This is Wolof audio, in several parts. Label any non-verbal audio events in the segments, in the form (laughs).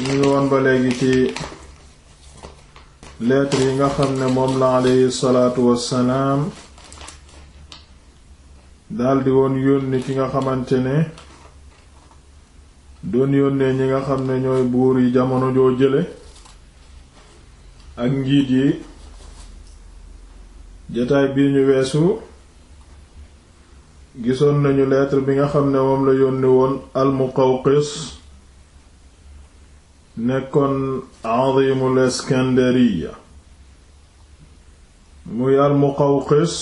ñu ngi woon ba léegi ci lettre yi nga xam ne moom la aleyhi salaatu wassalaam daldi woon yónni ki nga xamante ne doon yónnee ñi nga xam ne ñooy buur yi jamono joo jële ak njiit yi jataay bii ñu weesu gisoon nañu lettre bi nga xam ne moom la yónni woon al Muqawqis nekkoon azimul iskandariya muy al muqawqis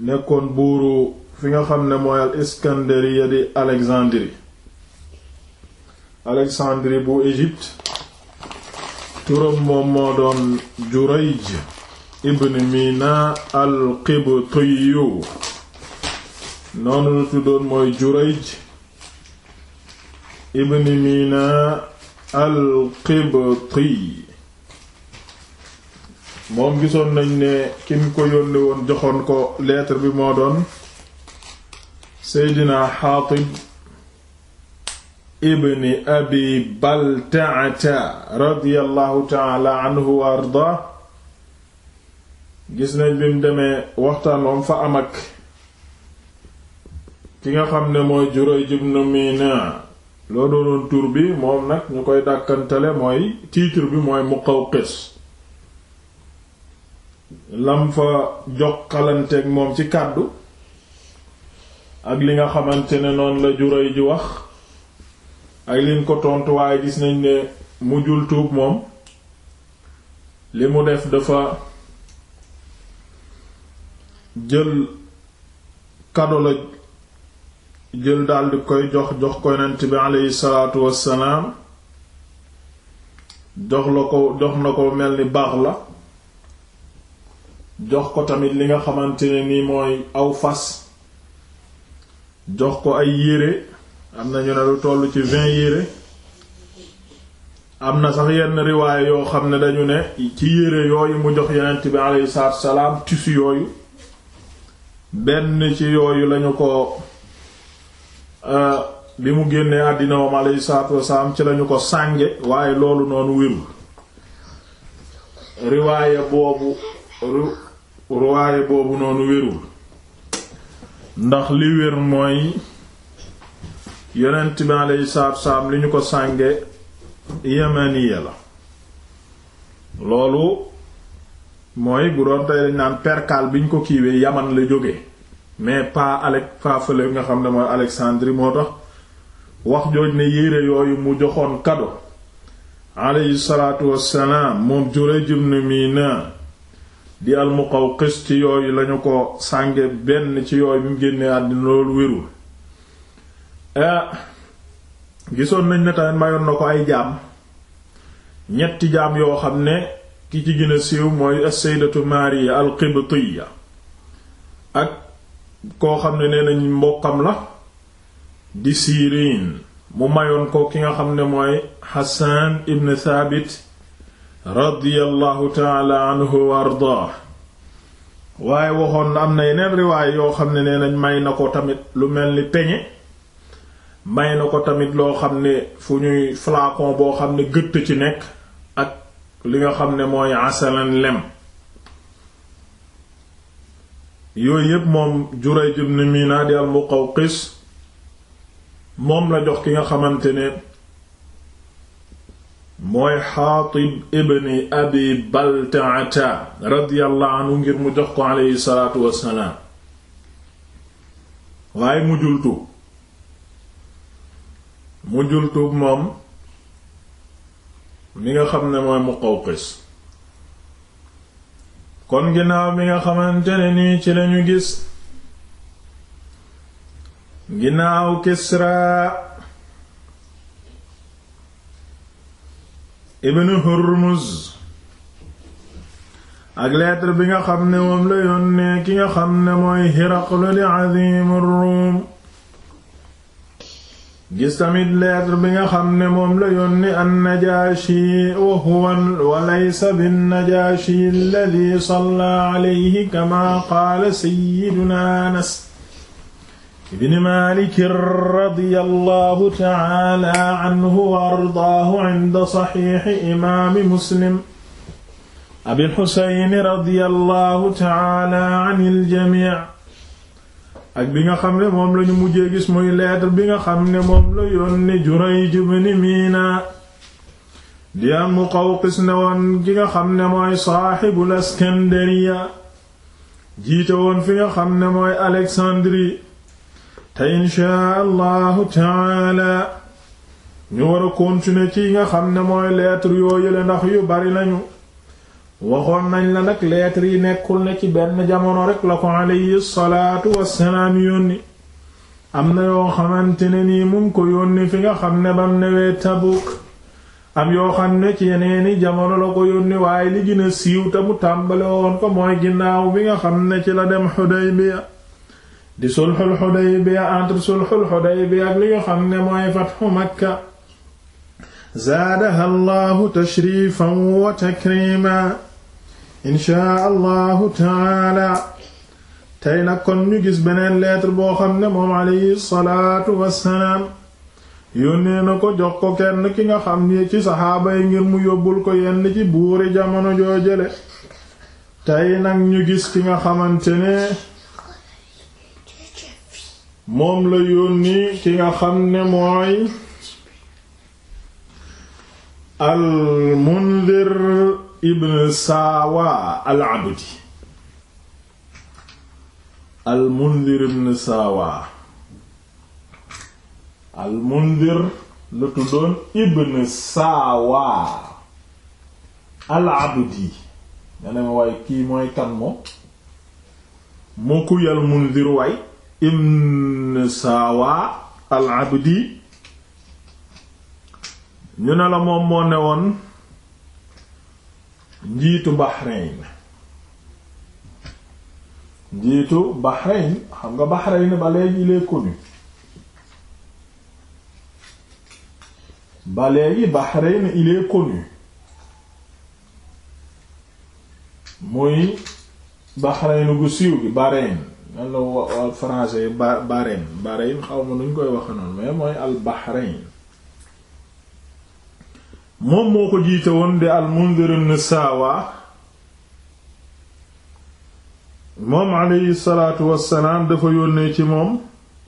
nekkoon buuru fi nga xam ne mooy al iskandariya di Alexandrie Alexandrie bu Égypte turam moom moo doon Jurayj ibn Mina al Qibtiyu noonu la tuddoon mooy Jurayj ibn Mina al-Qibti moom gisoon nañ ne kim ko yónni woon joxoon ko lettre bi moo doon Seydina Xaatib ibn Abi Baltaata radiyallahu taala anhu wa ardaa gis nañ bi mu demee waxtaan moom fa am ak ki nga xam ne mooy Jurayj ibn Mina loo doonoon tur bi moom nag ñu koy dàkkantale mooy titre bi mooy Muqawqis lam fa jokkalanteeg moom ci kàddu ak li nga xamante ne noonu la Jurayj ji wax ak liñ ko tontu waaye gis nañ ne mujjul tuub moom li mu def dafa jël kado la jël daldi koy jox jox ko yonent bi aleyhi salaatu wassalaam jox la ko jox na ko mel ni baax la jox ko tamit li nga xamante ne ni mooy aw fas jox ko ay yére am na ñu ne lu toll ci vingt yére am na sax yenn riwaay yoo xam ne dañu ne ci yére yooyu mu jox yonent bi aleyhi salaatu wassalaam tissu yooyu benn ci yooyu lañu ko Euh, bi mu génnee àddina moom alayhi salaatu wasalaam ci lañu ko sànge waaye loolu noonu wérul riwaaye boobu riwaaye boobu noonu wérul ndax li wér mooy yonent bi alayhi salaatu wasalaam li ñu ko sànge yemaniya la loolu mooy bu doon tey naan perkaal bi ñu ko kiiwee yaman la jóge mais pas alex pas fële nga xam ne mooy Alexandrie moo tax wax jooj ne yére yooyu mu joxoon kado aleyhi salaatu wassalaam moom Jurayj ibn Mina di al-Muqawqis ci yooyu lañu ko sànge benn ci yooyu bi mu génnee àddina loolu wérul ah gisoon nañ ne mayoon na ko ay jaam ñetti jaam yoo xam ne ki ci gën a siiw mooy as-Sayyidatu Maariya al-Qibtiyya ak koo xam ne nee nañ mbokkam la di Siiriin mu mayoon ko ki nga xam ne mooy Hassan ibn Thabit radiyallahu taala anhu wa ardaa waaye waxoon na am na yeneen riwaay yoo xam ne nee nañ may na ko tamit lu mel ni peñe may na ko tamit loo xam ne fu ñuy flacon boo xam ne gëtt ci nekk ak li nga xam ne mooy asalan lem yooyu yépp moom Jurayj ibn Mina di al-Muqawqis moom la jox ki nga xamante ne mooy Xaatib ibn Abi Baltaata radiyallahu ngir mu jox ko aleyhi salaatu wassalaam waaye mu jultu mu jultu moom mi nga xam ne mooy Muqawqis kon ginaaw bi nga xamante ne nii ci lañu gis ginaaw Kisra ibn Hurmuz ak lettre bi nga xam ne moom la yónnee ki nga xam ne mooy Hiraqlu li azimur Rum gis tamit lettre bi nga xam ne moom la yónni an-Najaashi wa huwa wa laysa bin-Najaashi alladhi salla alayhi kama qaala sayyiduna Anas ibn Maalik radiyallahu ta'ala anhu wa ardaahu 'inda sahihi imaami Muslim Abil Husayn radiyallahu ta'ala 'anil jamii' ak bi nga xam ne moom lañu mujjee gis muy lettre bi nga xam ne moom la yónni Jurayj ibn Mina di am Muqawqis ne woon ki nga xam ne mooy saaxibul Iskandariya jiite woon fi nga xam ne mooy Alexandrie te inchaa allahu taala ñu war a ci nga xam ne mooy lettre yoo yële ndax yu bari nañu waxoon nañ la nag lettre yi nekkul na ci benn jamono rek la ko alayhi salaatu wassalaam yónni am na yoo xamante ne nii mu ko yónni fi nga xam ne bam newee Tabuk am yoo xam ne ci yeneeni jamono la ko yónni waaye li gën a siiw te mu tàmbale woon ko mooy ginnaaw bi nga xam ne ci la dem Xudaybiya di sulxul Xudaybiya entre sulxul Xudaybiya ak li nga xam ne mooy fatxu Makka zaadaha Allahu tashrifan wa takrima inchaa allahu taala tey nag kon ñu gis beneen lettre boo xam ne moom alayhi salaatu wassalaam yónnee na ko jox ko kenn ki nga xam ne ci saxaaba yi ngir mu yóbbul ko yenn ci buuri jamono joojale tey nag ñu gis ki nga xamante ne moom la yónni ki nga xam ne mooy al ibn saawa al-abdi al-mundhir ibn saawa al-mundhir la tuddoon ibn saawa al-abdi nga ne waaye kii mooy kan moom moo kuy al-mundhir waay ibn saawa al-abdi ñu ne la moom moo ne woon njiitu Bahrain njiitu Bahrain xam nga Bahrain ba léegi il est connu ba léegi Bahrain il est connu muy Bahrain gu siiw gi Bahrain nan la français Bahrain Bahrain xaw ma nuñ koy wax noonu mais mooy al Bahrain moom moo ko jiite woon di al-Munzir ibn moom aleyhi salaatu wassalaam dafa yónnee ci moom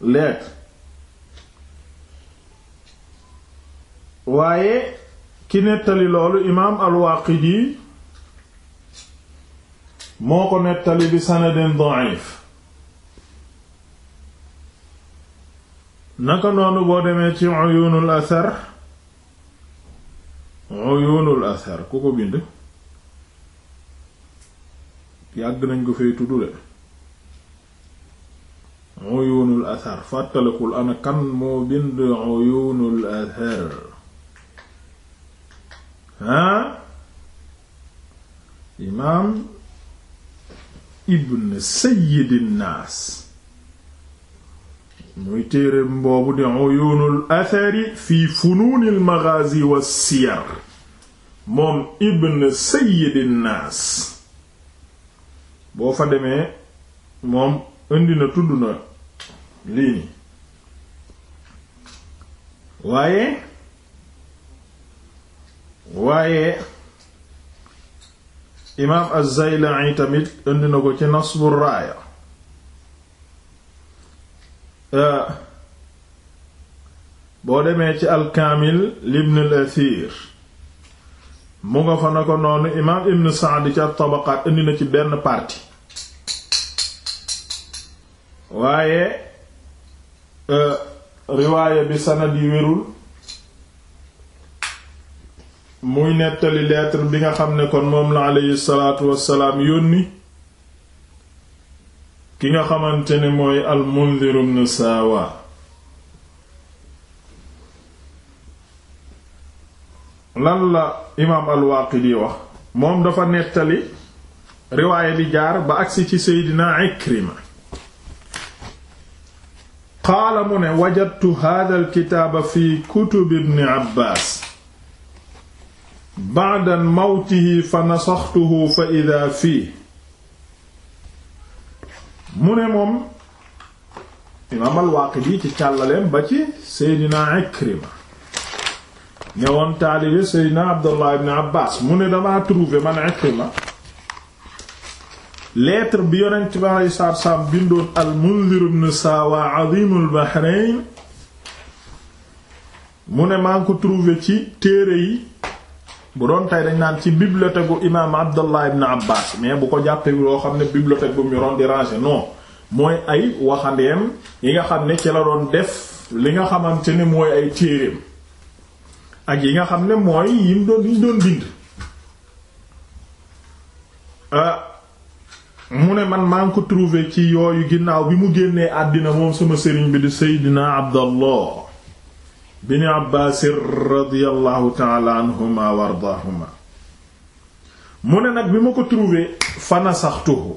lettre waaye ki nettali loolu imaam al-Waaqidi moo ko nettali bi sanadin da'if naka noonu boo demee ci Uyuunul Athar uyunul athar ku ko bind yàgg nañ ko fay tuddule uyunul athar fàttalikul ana moo bind uyunul athar ah imaam ibn sayyidin naas muy téereem boobu di uyuunul athari fi funuunil maghaazi wa siyar moom ibn sayyidin naas boo fa demee moom indi na tudd na lii waaye imaam az-Zayla'i tamit indi na ko ci nasbu raaya boo demee ci alkaamil libn al mu nga fa na ko noonu imaam ibn saad ci at-tabaqaat indi na ci benn partie waaye e, riwaaya bi sanad yi wérul muy nettali lettre bi nga xam ne kon moom la aleyhi salaatu wassalaam yónni ki nga xamante ni mooy al Munzir ibn Saawa lan la imaam al Waaqidi wax moom dafa nettali riwaaya bi jaar ba agsi ci Seydina Ikrima qaala mu ne wajadtu hada alkitaaba fi kutub ibn Abbaas ba'da mawtihi fa nasaxtuhu fa idaa fiihi mu ne moom imaam al-Waaqidi ci càllaleem ba ci Seydina Ikrima ne woon taalibe Seydina Abdullah ibn Abbas mu ne damaa trouvé man Ikrima lettre bi yonent bi alayhi salaatu salaam bindoon al-Munzir ibn Saawa azimul Bahrayn mu ne maa ko trouvé ci téere yi bu doon tey dañ naan ci bibliothèque bu imaam Abdallah ibn Abbas mais bu ko jàppee loo xam ne bibliothèque bu mu yoroon di ranger non mooy ay waxandeem yi nga xam ne ci la doon def li nga xamante ne mooy ay téereem ak yi nga xam ne mooy yi mu doon yi mu euh, ne man maa ngi ko trouver ci yooyu ginnaaw bi mu génnee àddina moom sama sëriñ bi di Seydina Abdallah bini abbasir radiallahu taala anhuma wa ardaahuma mu ne nag bi ma ko trouvé fa nasaxtuhu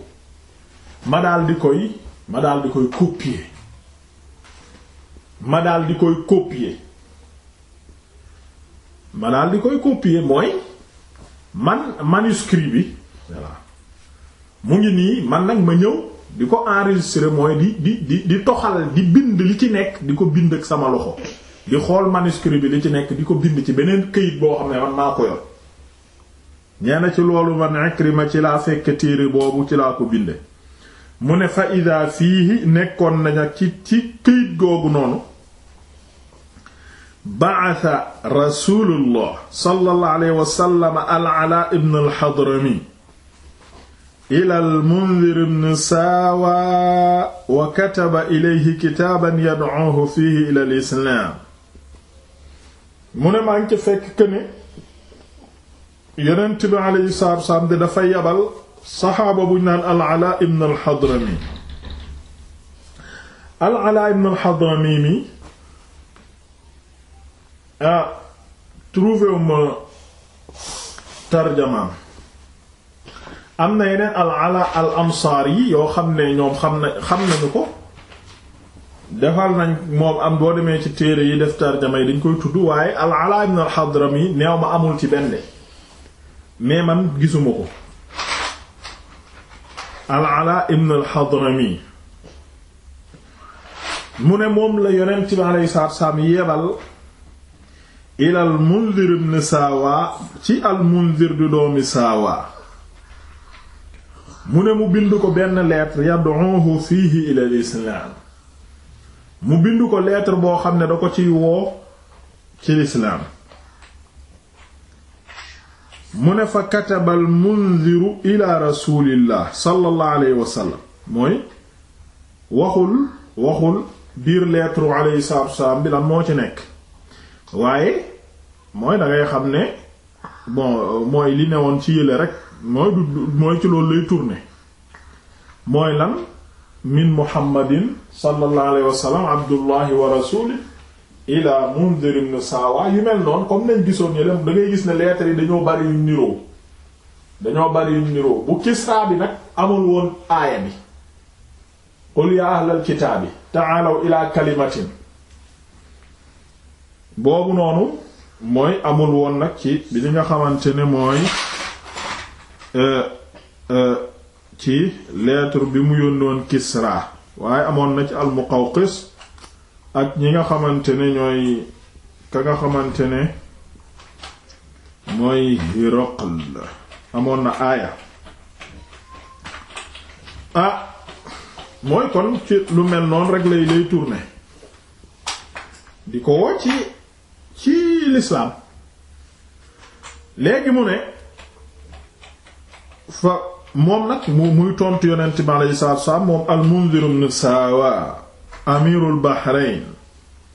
ma koy ma daal di koy copier ma daal di koy copier ma daal di koy copier mooy man manuscrit bi voilà mu ngi nii man nag ma ñëw di ko enregistrer mooy di di di di toxal di bind li ci nekk di ko bind ak sama loxo di xool manuscrit bi li ci nekk di ko bind ci beneen këyit boo xam ne man maa ko yor nee ci loolu man Ikrima ci laa fekk téere boobu ci laa ko binde mu ne fa ida fiihi nekkoon nañu ci ci këyit googu noonu ba'atha rasulullah sallallahu alayhi wa sallam al-Alaa ibn al-Hadrami ila al-Mundhir ibn Saawa wa kataba ilayhi kitaaban yad'uuhu fiihi ila al-islaam mu ne maa ngi ci fekk que ne yonent bi alayhi salaatu wa de dafa yabal saxaaba bu naan al-Alaa ibn al-Hadrami al-Alaa ibn al-Hadrami mi ah trouvé ma am na yeneen al-Alaa al-Ansaari yi yoo xam ne ñoom xam nañu ko. defal nañ moom am boo demee ci téere yi def tarjama dañ koy tudd waaye al Alaa ibn al Hadrami neew ma amul ci benn mais man gisuma ko al Alaa ibn al Hadrami mu ne moom la yonent bi alayhi salaatu salaam yebal ila al Munzir ibn ci al Munzir du doomi Saawa mu ne mu bind ko benn lettre yad'uhu fiihi ila islaam mu bind ko lettre boo xam ne da ko ciy woo ci lislaam mu ne fa kataba al mundiru ila rasulillah sallallahu alayhi wa sallam mooy waxul waxul biir lettre u alayhi bi lan moo ci nekk waaye mooy da xam ne bon mooy li newoon ci yële rek mooy du mooy ci loolu lay tourner mooy lan min muhammadin sallallahu alayhi wa sallam abdullahi wa rasuli ila Mundir ibn Sawa yu mel noonu comme nañ gisoon yëlem da gis ne lettres yi dañoo bari yu niroo dañoo bari yu niroo bu Kisra bi nag amul woon aaya bi qul ya ahlal kitaabi ta'aalaw ila kalimatin boobu noonu mooy amul woon nag ci bi li nga xamante ne mooy euh, euh, ci lettre bi mu yónnoon Kisra waaye amoon na ci al-Muqawqis ak ñi nga xamante ne ñooy ka nga xamante ne mooy Hiraql amoon na aaya ah mooy kon ci lu mel noonu rek lay lay tourner di ko woo ci ci léegi mu ne fa moom nag mu muy tontu yonent bi aleyhi salaatu salaam moom al-Munzir ibn Saawa amirul Bahrayn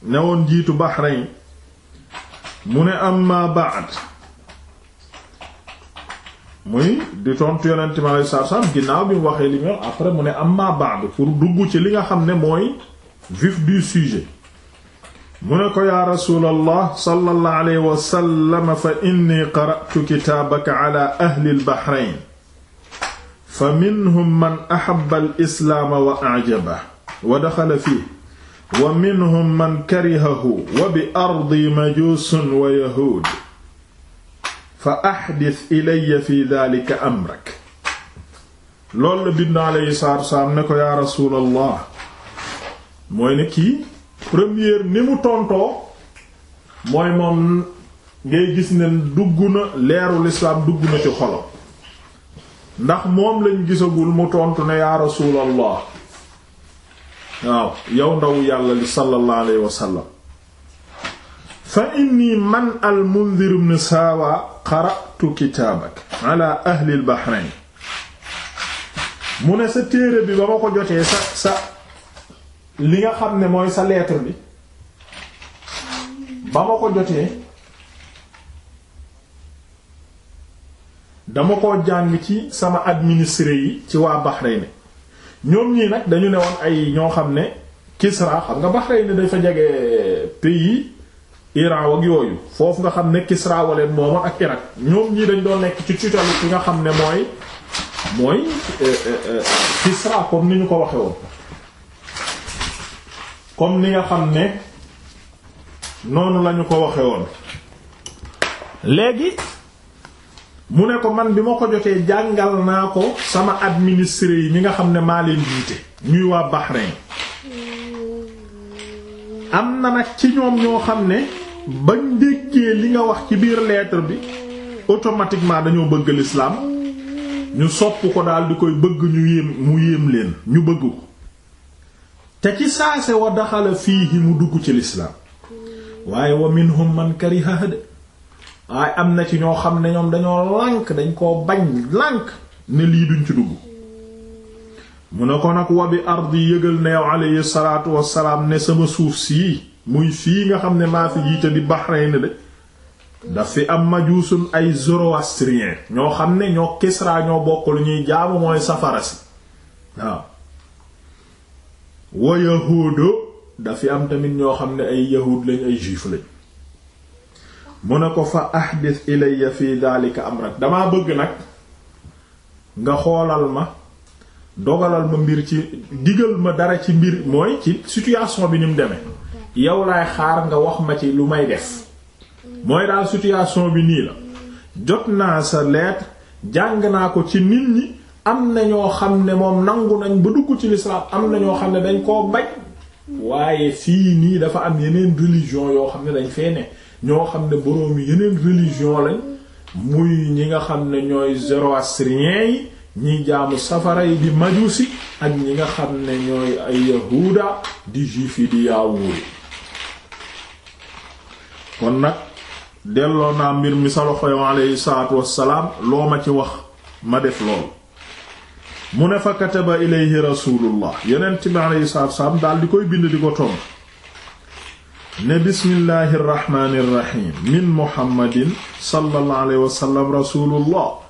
newoon jiitu Bahrayn mu ne amma ba'd muy di tontu yonent bi aleyhi salaatu ginnaaw bi mu waxee li mu après mu ne amma ba'd pour dugg ci li nga xam ne mooy vif du sujet mu ne ko yaa rasuulallah sallallahu alayhi wa sallam fa inni qara'tu kitaabaka ala ahli al-Bahrayn fa minhum man ahabba al islaama wa ajaba wa daxala fii wa minhum man karihahu wa bi ardi majuusun wa yahuud fa ahdis ilayya fi daalika amrak loolu la bind alayhi salaatu wasalaam ne ko yaa rasuulallah mooy ne kii première ni mu tontoo mooy moom ngay gis ne dugg na leerul islaam dugg na ci xolom ndax moom lañ gisagul mu tontu na yaa rasuulallah waaw yow ndaw yàlla li sallallahu alayhi wa sallam fa inni man al Munzir ibn Saawa qara'tu kitaabak ala ahli al mu ne sa téere bi ba ma ko jotee sa sa li nga xam ne mooy sa lettre bi ba ma ko jotee dama ko jàng ci sama administré yi ci waa Bahrain ñoom ñii nag dañu ne woon ay ñoo xam ne Kisra xam nga Bahrain fa jege pays Iran ak yooyu foofu nga xam ne Kisra waleen moom ak Irak ñoom ñii dañ doon nekk ci tutelle ki nga xam ne mooy mooy euh, euh, euh, Kisra comme ni ñu ko waxe woon comme ni nga xam ne noonu lañu ko waxe woon léegi mu ne ko man bi ma ko jotee jàngal naa ko sama administré yi ñi nga xam ne maa leen jiite ñuy waa Bahreïn am na nag ci ñoom ñoo xam ne bañ déggee li nga wax ci biir lettre bi automatiquement dañoo bëgg lislaam ñu sopp ko daal di koy bëgg ñu yéem mu yéem leen ñu bëgg ko te ci saase wa daxala fiihi mu dugg ci l'islam waaye wa minhum man kariha hada waaye am na ci ñoo xam ne ñoom dañoo lànk dañ koo bañ lànk ne lii duñ ci dugg mu ne ko nag bi ardi yëgal na yow alayhi salaatu wassalaam ne sama suuf sii muy fii nga xam ne maa fi jiite di Bahrain de daf am majuusun ay zoroastrien ñoo xam ne ñoo Kisra ñoo bokk ñuy jaamu mooy safara si waaw wa yahuudu dafi am tamit ñoo xam ne ay yahuud lañ ay juif lañ mu ne ko fa ahdis ilayya fi daalika amrak damaa bëgg nag nga xoolal ma dogalal ma mbir ci digal ma dara ci mbir mooy ci situation bi ni mu demee yow laay xaar nga wax ma ci lu may def mooy daal situation bi nii la jot naa sa lettre jàng naa ko ci nit ñi am na ñoo xam ne moom nangu nañ ba dugg ci lislaam am na ñoo xam ne dañ koo bañ waaye fii nii dafa am yeneen religion yoo xam ne dañ fee ñoo xam ne boroomi yeneen religion lañ muy ñi nga xam ne ñooy zoroastriens yi ñi jaamu safara yi di majusi ak ñi nga xam ne ñooy ay yahuda di juif yi di yaawuuri kon nag delloo naa mbir mi sa loxo yow aleyhi salaatu loo ma ci wax ma def lool mu ne fa kataba ilayhi rasulullah yeneen bi aleyhi salaatu wassalaam daal di koy bind di ko tontu ne bismillahi irrahmani irrahim min muhammadin sallallahu alayhi wa sallam rasulullah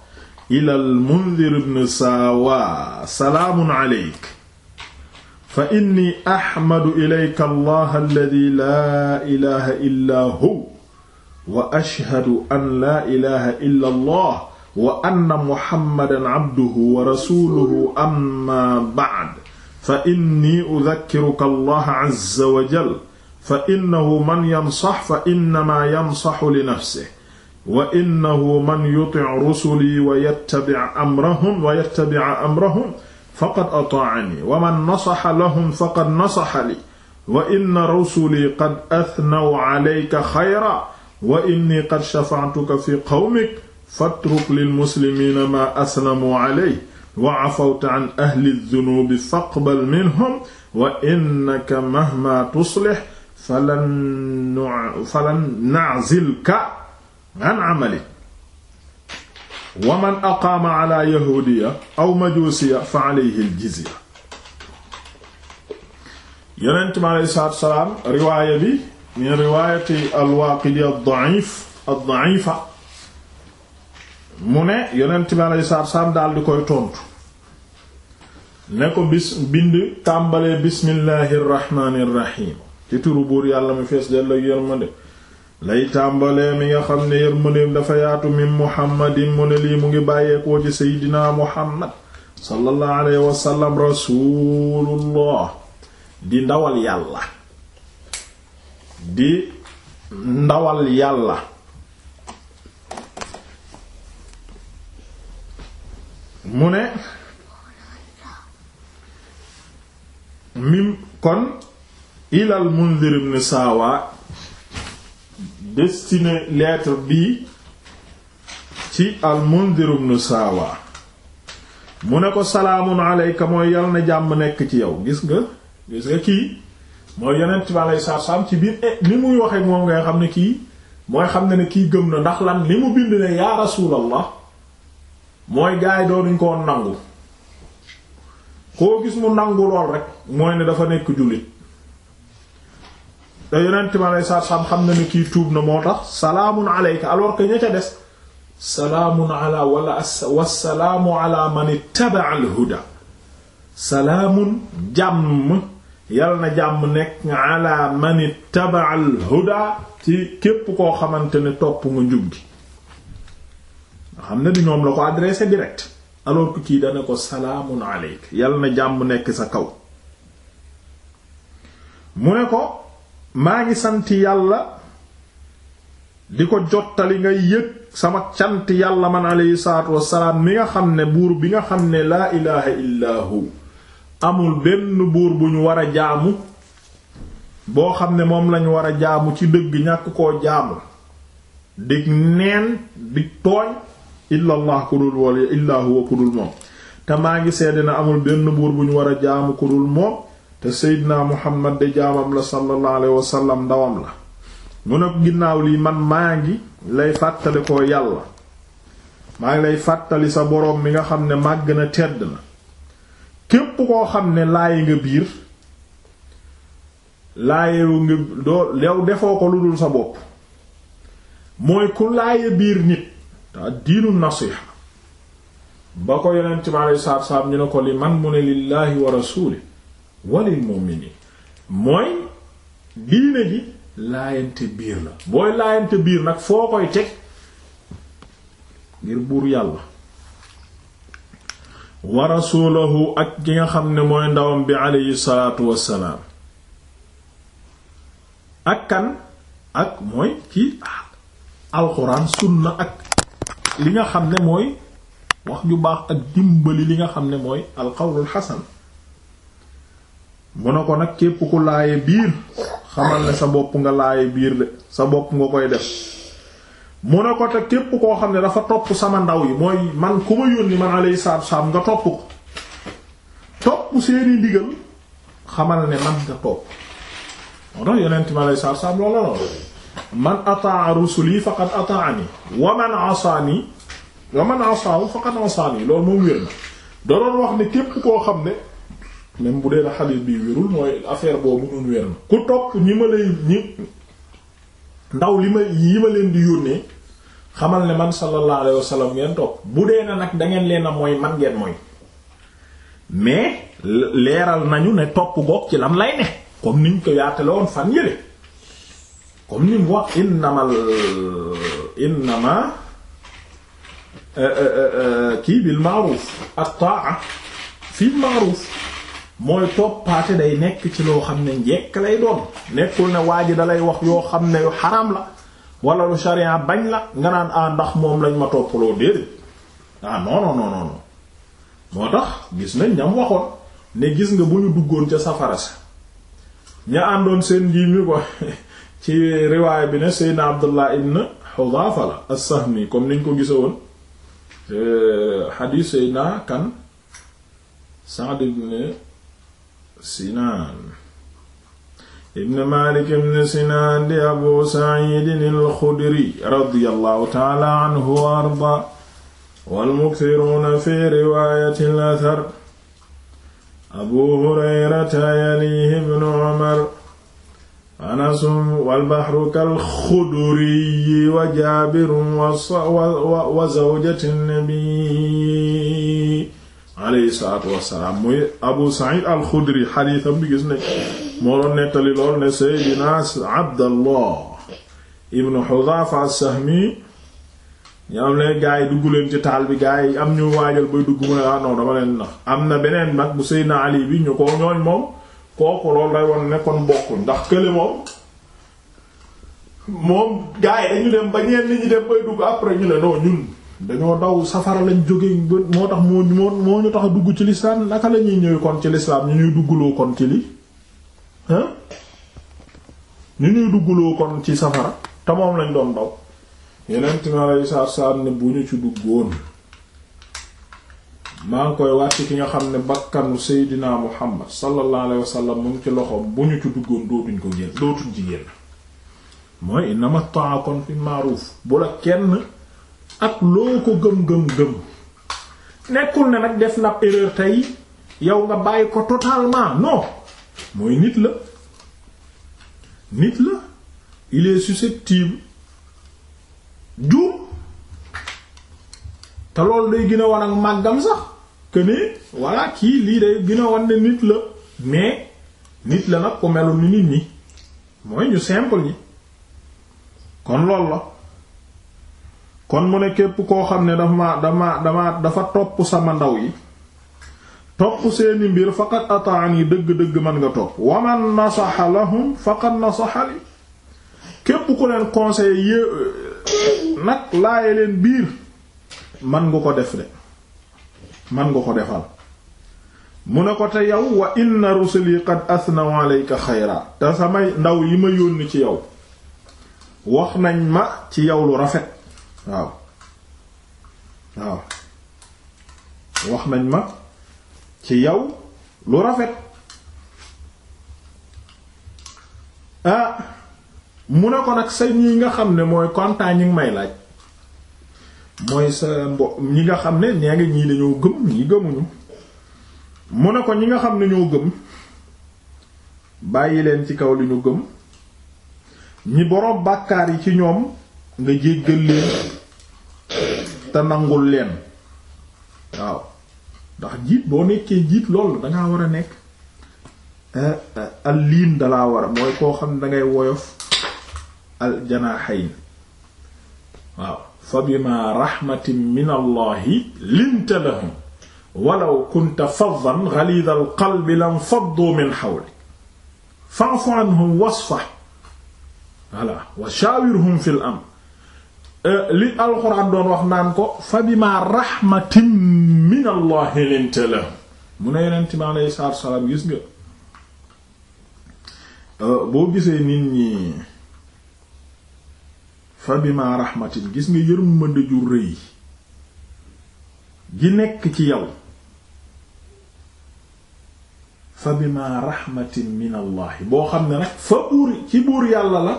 ila al mundir ibn saawa salaamun aleyk fa inni axmadu ilayka allah alladi laa ilaha illa hu wa ashhadu an laa ilaha illa allah wa anna muhammadan abduhu wa rasuluhu amma ba'd fa inni udhakkiruka allah azza wa jalla fa innahu man yansax fa innamaa yansaxu li nafsihi wa innahu man yuti' rusulii wa yattabi' amrahum wa yattabi' amrahum faqad ataa'anii wa man nasaxa lahum faqad nasaxa lii wa inna rusulii qad athnaw alayka xayran wa innii qad shafa'tuka fii qawmika fatruk lilmuslimiina maa aslamuu alayhi wa afawta an ahli dunuubi faqbal minhum wa innaka mahmaa tuslih falan nu falan na'zilka an amali wa man aqaama ala yahudiya aw majusiya fa alayhi aljizya yonent mi alayhi salaatu salaam riwaaya bi min riwaayati alwaaqidi ad-da'if ad-da'ifa mu ne yonent mi alayhi salaatu salaam daal di koy tontu ne ko bis bind tàmbalee bismillaahir rahmaanir rahiim ci turu buur yàlla mi fees dell ak yërmande lay tàmbalee mi nga xam ne yërmandeem dafa yaatu min muhammadin mu ne lii mu ngi bàyyeekoo ci seydinaa muhammad sallallahu alayhi wa di ndawal yàlla di ndawal yàlla mu ne mim kon ilal Munzir ibn Sawa destiné lettre bi ci al Munzir ibn Sawa mu ne ko salaamu aleyka mooy yal na jàmm nekk ci yow gis nga gis nga kii mooy yonent bi aleyhi salaatu ci biir eh, ni muy waxee moom ngay xam ne kii mooy xam ne ne kii gëm na ndax lan li mu bind ne yaa rasuulallah mooy gaay doonuñ ko nangu koo gis mu nangu lool rek mooy ne dafa nekk jullit yonent mi aleyhi salaatu salaam xam na ne kii tuub na moo tax salaamun aleyka alors que ña ca des salaamun ala wala wassalaamu ala man ittaba al na jàmm nekk ala man ittaba képp koo xamante ne topp nga njub gi nga xam ne di ñoom ko adressé direct alors que yal na jàmm nekk sa kaw mu ne ko maa ngi sant yàlla di ko jottali ngay yëg sama cant yàlla man aleyhi salaatu wassalaam mi nga xam ne buur bi nga xam ne laa ilaha illaa amul benn buur bu ñu war a jaamu boo xam ne moom lañu war a jaamu ci dëgg ñàkk koo jaamu dig neen dig tooñ illallah ku dul wala illaa huwa ku dul moom te maa ngi seede na amul benn buur bu ñu war a jaamu ku dul moom te seydinaa muhammad de jaamam la sallallahu alayhi wasallam ndawam la mu ne ginnaaw lii man maa ngi lay fàttali yàlla maa ngi lay fàttali sa boroom mi nga xam ne màgg na tedd na képp koo xam ne laaye nga biir laayewu ko lu dul sa bopp mooy ku laaye biir nit te diinu nasiha ba ko yonent bi aleyhi salaatu salaam ñu ne ko li man mu ne lillaahi wa rasuuli walil mu'minin mooy diine ji laayante biir la booy laayante biir nag foo koy teg ngir buur yàlla wa ak ki nga xam ne mooy ndawam bi aleyhi salaatu wassalaam ak kan ak mooy ci alxuraan sunna ak li nga xam ne mooy wax ju baax ak dimbali li nga xam ne mooy alqawlul xasan mu ne ko nag képp ku laaye biir xamal ne sa bopp nga laaye biir de sa bopp nga koy def mu ne ko te képp koo xam ne dafa topp sama ndaw yi mooy man ku ma yónni man alayhi salaatu nga topp ko topp ne man nga topp moo tax loolu la man ataa rusuli faqad ataani wa man asaani wa man asaahu faqad loolu moom wér na da doon wax ne képp koo xam ne même bu dee na xadiis bi wérul mooy affaire boobu noonu wér na ku topp ñi ma lay ñi ndaw li ma yi ma leen di yónnee xamal ne man sallallahu alayhi wasallam ngeen topp bu dee na nag dangeen leen a mooy man ngeen mooy mais leeral nañu ne topp goog ci lam lay ne comme ko yaatale fan yële comme ni mu wax innamal innama euh, euh, euh, kii bil ma'ruf at-ta'a fil ma'ruf mooy toppaate day nekk ci loo xam ne njekk lay doon nekkul ne waa ji dalay wax yoo xam ne yu xaraam la wala lu sharia bañ la nga naan ah ndax moom lañ ma toppaloo déedéet ah non non non moo tax gis nañ ñam waxoon ne gis nga bu ñu duggoon ca safara sa ña àndoon seen njiit mi ko (laughs) ci riwaay bi ne Seydina Abdullah ibn Hudhafa la as-Sahmi comme niñ ko gisoon euh, hadith na kan Sa'd sinaan ibn malik ibn sinaan di abu saidin alxudri radiyallahu taala anhu wa arda walmukthiruuna fi riwaayati al-athar abu hurayrata yalihi ibnu umar anasum walbahru kalxudriyi wa jaabirun wa zawjati nnabi alayhi salaatu wassalaam muy abu sa'id al-xudri xadiisam bi gis ne moo doon nettali lool ne seydina abdallah ibnu xudaafa as-sahmi ñu am leen gaa yi dugg leen ci taal bi gaa yi am ñu waajal bay dugg mu ne ah am na beneen nag bu seydina ali bi ñu ko ñooñ moom kooku loolu day won ne kon bokkuñ ndax kële moom moom gaa yi dañu ba ñeen ñi dem bay dugg après ñu ne non ñun dañoo daw safara lañ jóge moo tax moo moo ñu tax dugg ci lislaam naka la ñuy ñëw kon ci lislaam ñu ñuy dugguloo kon ci li hein ñu ñuy duggloo kon ci safara te moom lañ doon daw yeneen mi aleyi saatu salaam ne bu ñu ci duggoon maa ngi koy wàcc ki nga xam ne bakkanu seydinaa muhammad sallallahu alayhi wasallam mu ci loxo bu ñu ci duggoon dootuñ ko génn dootuñ jigéen génn mooy inama ta'akon fi ma'ruf bu la kenn ak loo ko gëm-gëm-gëm nekkul ne nag def na erreur tey yow nga bàyyi ko totalement non mooy nit la nit la il est susceptible juum te loolu day gën a wan ak màggam sax que ne kii lii day gën a ne nit la mais nit la nag ku melul ni nit mooy ñu simple ñi kon loolu la kon mu ne képp koo xam ne dama dama dama dafa topp sama ndaw yi topp seeni mbir faqad yi dëgg-dëgg man nga topp waman nasaxa lahum faqad nasaxa li képp ku leen conseil yé nag laaye leen biir man nga ko def de man nga ko defal mu ne ko te yow wa inna rusuli qad asnaw alayka xayra te samay ndaw yi ma yónni ci yow wax nañ ma ci yow lu rafet waaw waaw wax nañ ma ci yow lu rafet ah mu ne ko nag sa ñi nga xam ne mooy kontaan ñi ngi may laaj mooy sa mbo ñi nga xam ne ñee ngi ñii dañoo gëm ñii gëmuñu mu ne ko ñi nga xam ne ñoo gëm bàyyi leen ci kaw li ñu gëm ñi boroom bàkkaar yi ci ñoom nga jéggal leen te nangul leen waaw ndax jiit boo nekkee jiit loolu dangaa war a nekk eh, eh, al liin dalaa war a mooy koo xam ne dangay woyof al janahayn waaw fa bima rahmatin min allahi linta lahum walaw kunta faddan ghaliza al qalbi lam faddu min hawlik fa'fu anhum wasfah wala wa shawirhum fil amr li alxuraan doon wax naan ko fa bima rahmatin min allah linte la mu ne yonent mi salaam gis nga euh, boo gisee nit ñi fa bima rahmatin gis nga yërmande ju rëy gi nekk ci yow fa bima rahmatin min allah boo xam ne nag fa buur ci buur yàlla la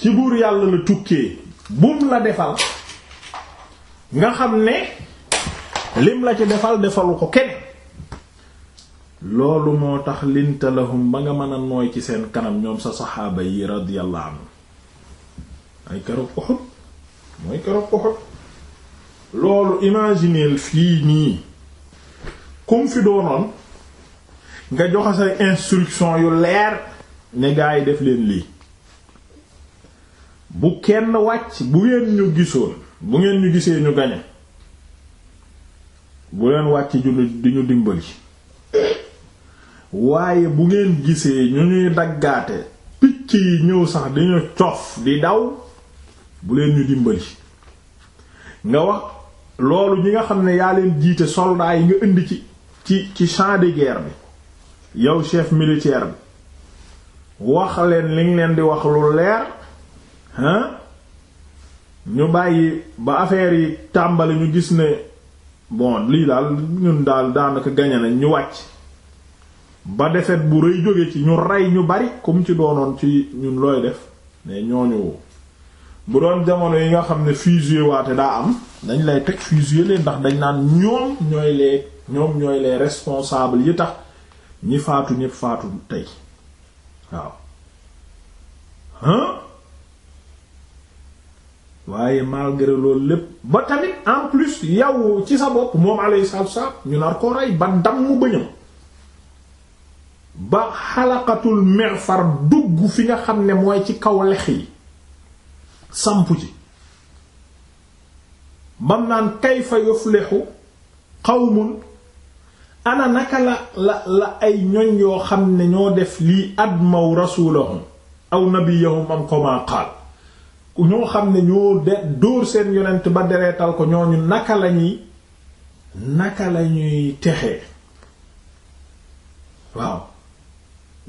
ci buur yàlla la tukkee bum la defal nga xam ne lim la ci defal defalu ko kenn loolu moo tax linta ba nga mën a nooy ci seen kanam ñoom sa saxaaba yi radiyallahu anhu ay keroog Uhud loolu imagineel fii nii comme fi doonoon nga joxe say instruction yu leer ne gaa yi def leen lii bu kenn wàcc bu ngeen ñu gisoon bu ngeen ñu gisee ñu gañe bu leen wàcc junni di ñu dimbali waaye bu ngeen gisee ñu ñuy daggaate picc yi ñëw sax di ñu cof di daw bu leen ñu dimbali nga wax loolu ñi nga xam ne yaa leen jiite soldats yi nga indi ci ci ci champ guerre bi yow chef militaire bi wax leen li nga leen di wax lu leer ñu bàyyi ba affaire yi tàmbali ñu gis ne bon lii daal ñun daal daanaka gañe nañ ñu wàcc ba defet bu rëy jóge ci ñu rey ñu bari comme ci doonoon ci ñun looy def mais ñooñu bu doon jamono yi nga xam ne fusée waate daa am dañ lay teg fusée leen ndax dañ laan ñoom ñooy les ñoom ñooy les responsables yi tax ñi faatu ñépp faatu tey waaw waaye malgré loolu lépp ba tamit en plus yow ci sa bopp moom alayhi salaatu salaam ñu nar ko rey ba dam mu bëñam ba xalaqatul mi'far dugg fi nga xam ne mooy ci kaw lex yi sampu ci bam naan kayfa yuflihu qawmun ana naka la la la ay ñoñ yoo xam ne ñoo def lii admaw rasulahum aw nabiyahum am kama qaal ñoo xam ne ñoo de dóor seen yonent ba dereetal ko ñooñu naka lañuy naka lañuy texe waaw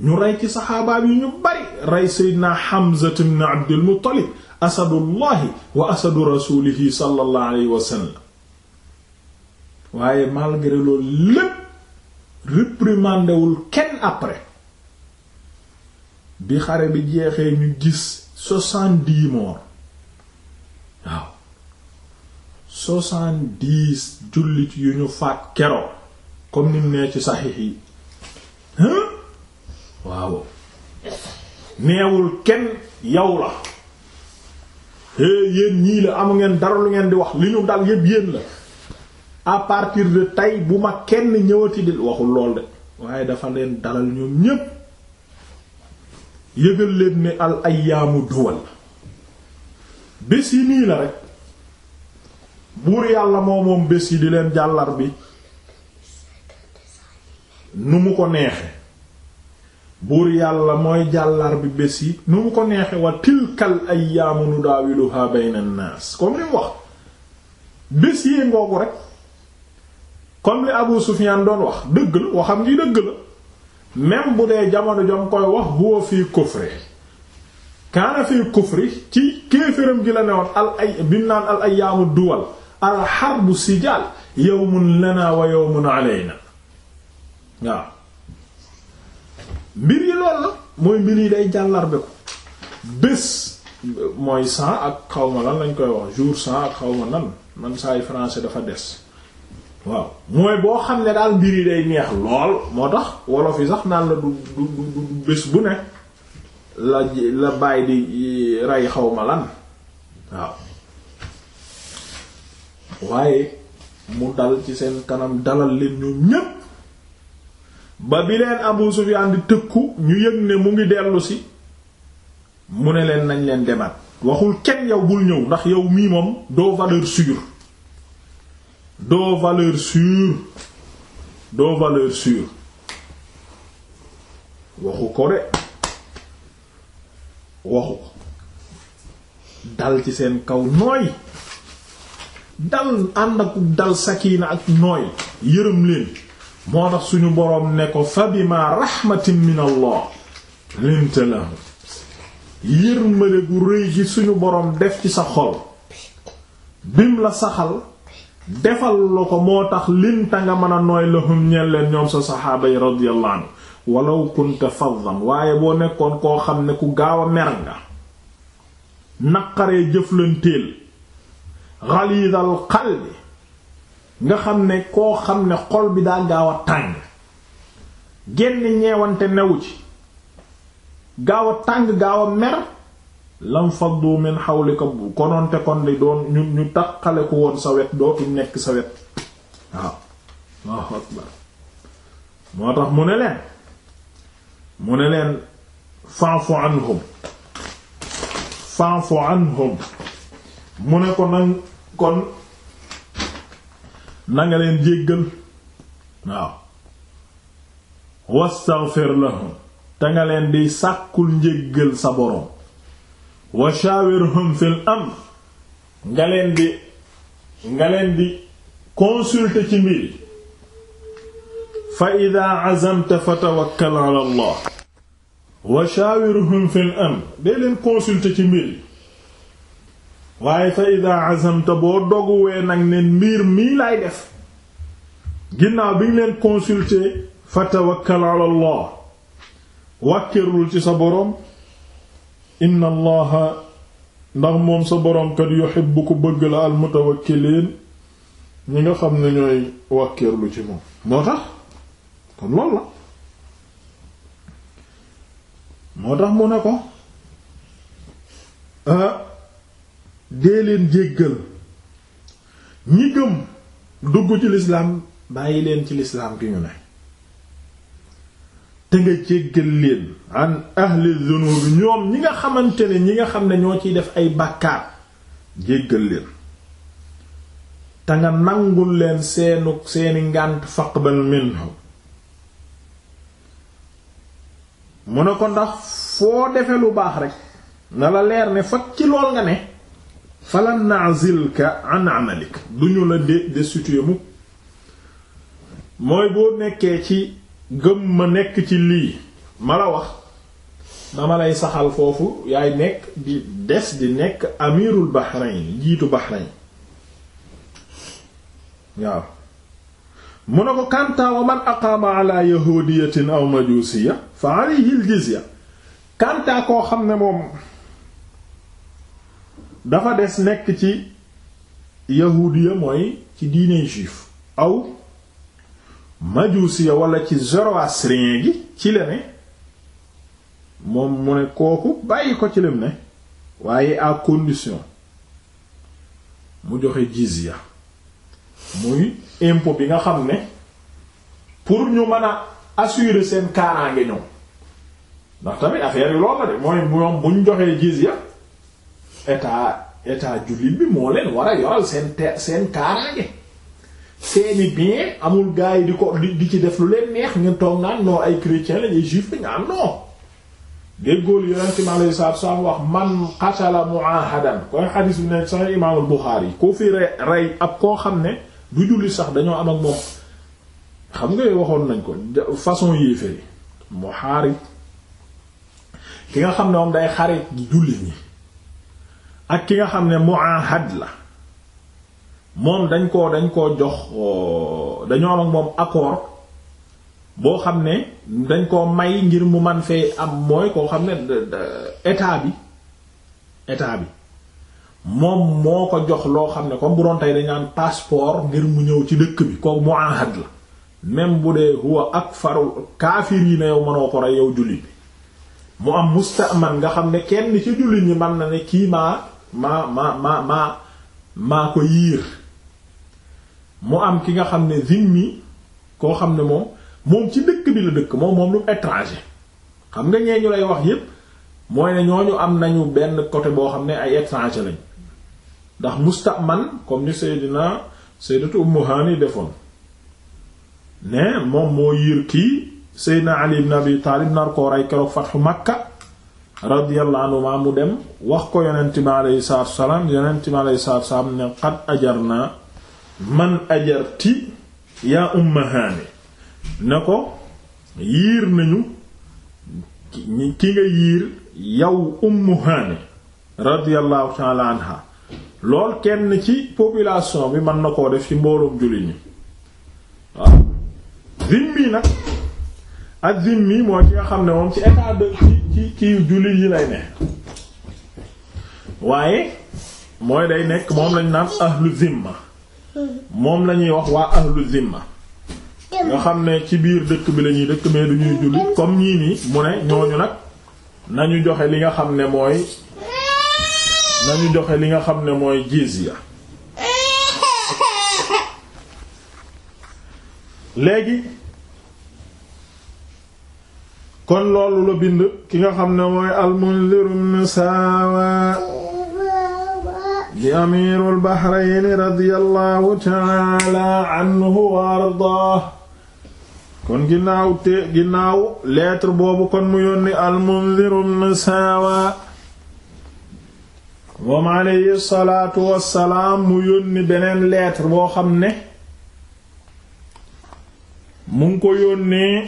ñu rey ci saxaabaam yi ñu bari rey seydina Hamza ibn Abdul Muttalib asadullahi wa asadu rasulihi sallallahu alayhi waaye malgré lépp réprimandewul kenn après bi xare bi jeexee ñu gis soixante-dix morts waaw soixante-dix jullit yu ñu faat kero comme nim nee ci saxiix yi waaw neewul kenn yow la yéen ñii la amu ngeen dara lu ngeen di wax li ñu dal yépp yéen la à partir de tey bu ma kenn ñëwati di waxul lool de waaye dafa leen dalal ñoom ñépp yëgal leen ne al yaamu duwal bés yi nii la rek buur yàlla moo moom bés yi di leen jàllar bi nu mu ko neexe buur yàlla mooy jàllar bi bés yi nu mu ko neexe wa tilkal ayyaamu nudaawiluha bayna naas comme li mu wax bés yi ngoogu rek comme li Abu Sufyaan doon wax dëgg la waxam ngi dëgg la même bu dee jamono jom koy wax huwa fii kufri kaana fii kufri ci kéeféram gi la newoon al ay bi mu naan al ayyaamu duwal al harbu yow yawmun lana wa yawmun alayna waaw mbir yi lool la mooy mbir yi day jàllarbe ko bés mooy cent ak xawma lan lañ koy wax jour cent ak ma nan man saa saay français dafa des waaw mooy boo xam ne daal mbir yi day neex lool moo tax wolof yi sax naan la du du du bés bu ne la la bàyyi di rey xaw ma lan waaw waaye mu dal ci seen kanam dalal leen ñoom ñépp ba bi leen Abu Sufyaan di tëkku ñu yëg ne mu ngi dellu si mu ne leen nañ leen demaat waxul kenn yow bul ñëw ndax yow mii moom doo valeur sûre doo valeur sûre doo valeur sûre waxu ko de waxu ko dal ci seen kaw nooy dal ànd ak dal sakina ak nooy yërëm leen moo tax suñu boroom ne ko fa bima rahmatin min allah bu lahu yërmande gi suñu boroom def ci sa xol bim la saxal defal la ko moo tax linta nga mën a nooy lahum ñeel leen ñoom sa saxaaba yi radiyallahu anhu walaw kunta waaye boo nekkoon koo xam ne ku gaaw a mer nga naqaree jëflanteel xaliidal xalbi nga xam ne koo xam ne xol bi daa gaaw a tàng genn ñeewante newu ci gaaw a tàng gaaw a mer lam faddu min xawlika konoonte kon di doon ñu ñu taqale ko woon sa wet dootuñ nekk sa wet waaw Allahu akbar moo tax mu ne leen mu ne leen fa'fu anhum fa'fu anhum mu ne ko nag kon na leen jéggal waaw wastaghfir lahum te nga leen di sàkkul njéggal sa boroom wa shawirhum fil amr nga leen di nga leen di consulter ci mbiri fa ida azamta fatawakkal ala allah wa shawirhum fil amr day leen consulter ci mbiri waaye fa ida azamta boo doguwee nag ne mbir mii laay def ginnaaw bi ñu leen consulter fatawakkal ala allah wàkkirul ci sa boroom inna allaha ndax moom sa boroom kat yuhibbu ku bëgg la al mutawakkiliin ñi nga xam ne ñooy wàkkeerlu ci moom moo tax kon lool la moo tax mu ne ko ah, dee leen jéggal ñi gëm dugg ci lislaam bàyyi leen ci lislaam ki ñu ne te nga jéggal leen an ahli dhunub ñoom ñi nga xamante ne ñi nga xam ne ñoo ciy def ay bàkkaar jéggal leen te nga nangul leen seenu seeni ngànt faqbal minhu mu ne ko ndax foo defe lu baax rek na la leer ne fag ci lool nga ne falan na'zilka an amalik duñu la de destituer mu mooy boo nekkee ci gëm ma nekk ci lii ma la wax dama lay saxal foofu yaay nekk di des di nekk amirul Bahrain jiitu Bahrain waaw mu ne ko kanta wa man aqaama yahudiyatin aw majusiya fa alayhi al jizya koo xam ne moom dafa des nekk ci yahudiya mooy ci diine juif aw majusiya wala ci zoroastrien gi ci la ne moom mu ne kooku bàyyi ko ci lim ne waaye à condition mu joxe ya muy impôt bi nga xam ne pour ñu mën a assurer seen kaaraange ñoom ndax tamit affaire yi lool la de mooy moom bu ñu joxee ya état état jullit bi moo leen war a yoral seen te seen kaaraange seeni bien amul gars yi di ko di ci def lu leen neex ngeen toog naan non ay chrétien lañ ay juif lañ am ah non déggool yonente mi aleyi salatu salaam wax man qatala muahadan koy xadis bi ne sax imaamul Buxaari yi ko fi rey ab koo xam ne du julli sax dañoo am ak moom xam nga waxoon nañ ko façon yéeféri muhaarib ki nga xam ne moom day xareet julli ki nga xam ne muahad la moom dañ koo dañ koo jox euh, dañoo am ak moom accord boo xam ne dañ koo may ngir mu man fee am mooy koo xam ne état bi état bi moom moo ko jox loo xam ne comme bu doon tey dañ naan passeport ngir mu ñëw ci dëkk bi kooku mu ahad la même bu dee huwa ak faru kaafir yi ne yow mënoo ko rey yow jullit bi mu am mustaman nga xam ne kenn ci jullit ñi mën na ne kii maa maa maa maa maa ko yiir mu am ki nga xam ne zimmi koo xam ne moom moom ci dëkk bi la dëkk moom moom lu étranger xam nga ñee ñu lay wax yépp mooy ne ñooñu am nañu benn côté boo xam ne ay étranger lañ ndax mustaman comme ni Seydina Sayyidatu Ummu Hani defoon ne moom moo yiir kii Seydina Ali ibn Abi Taalib nar koo rey keroog fatxu Makka radiyallahu anhu ma mu dem wax ko yonent bi alayhi salaatu wa salaam yonent bi alayhi salaatu wa salaam ne man ajarti yaa umma haani na ko yiir nañu ki nga yiir yow ummu haani radiyallahu taala anha lool kenn ci population bi mën na koo def ci mbooloom jullit ñi waaw zimmi nag ak zimmi mooy ki nga xam ne moom ci état de ci ci jullit yi lay ne waaye mooy day nekk moom lañ naan ahlu zimma moom lañuy wax waa ahlu zimma nga xam ne ci biir dëkk bi lañuy ñuy dëkk mais du ñuy julli comme ñii nii mu ne ñooñu nag nañu joxe li nga xam ne mooy nañu joxe li nga xam ne mooy jizya léegi kon loolu la bind ki nga xam ne mooy al Munzir di amiirul bahrayni radiyallahu taala anhu wa ardaa kon ginnaaw te boobu kon mu yónni al-Munzir ibn Saawa moom alayhi salaatu wassalaam mu yónni beneen lettre boo xam ne mu ko yónnee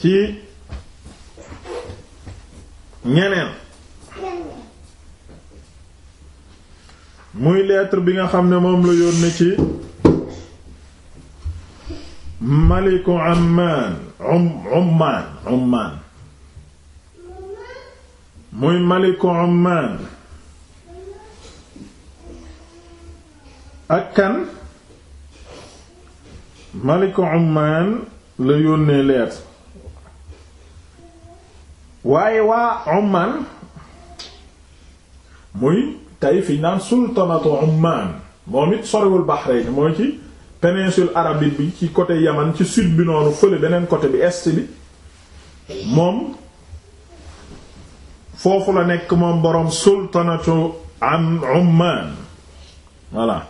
ci ñeneen muy lettre bi nga xam ne moom la yónnee ci maliku Amman umm, muy maliku Umman ak kan maliku Umman la yónnee lettre waaye waa Umman muy tey fi naan sultanatu Umman moom it sorewul Bahrain mooy ci péninsule arabi bi ci côté Yaman ci sud bi noonu fële beneen côté bi est moom foofu la nekk moom boroom sultanatu am Umman voilà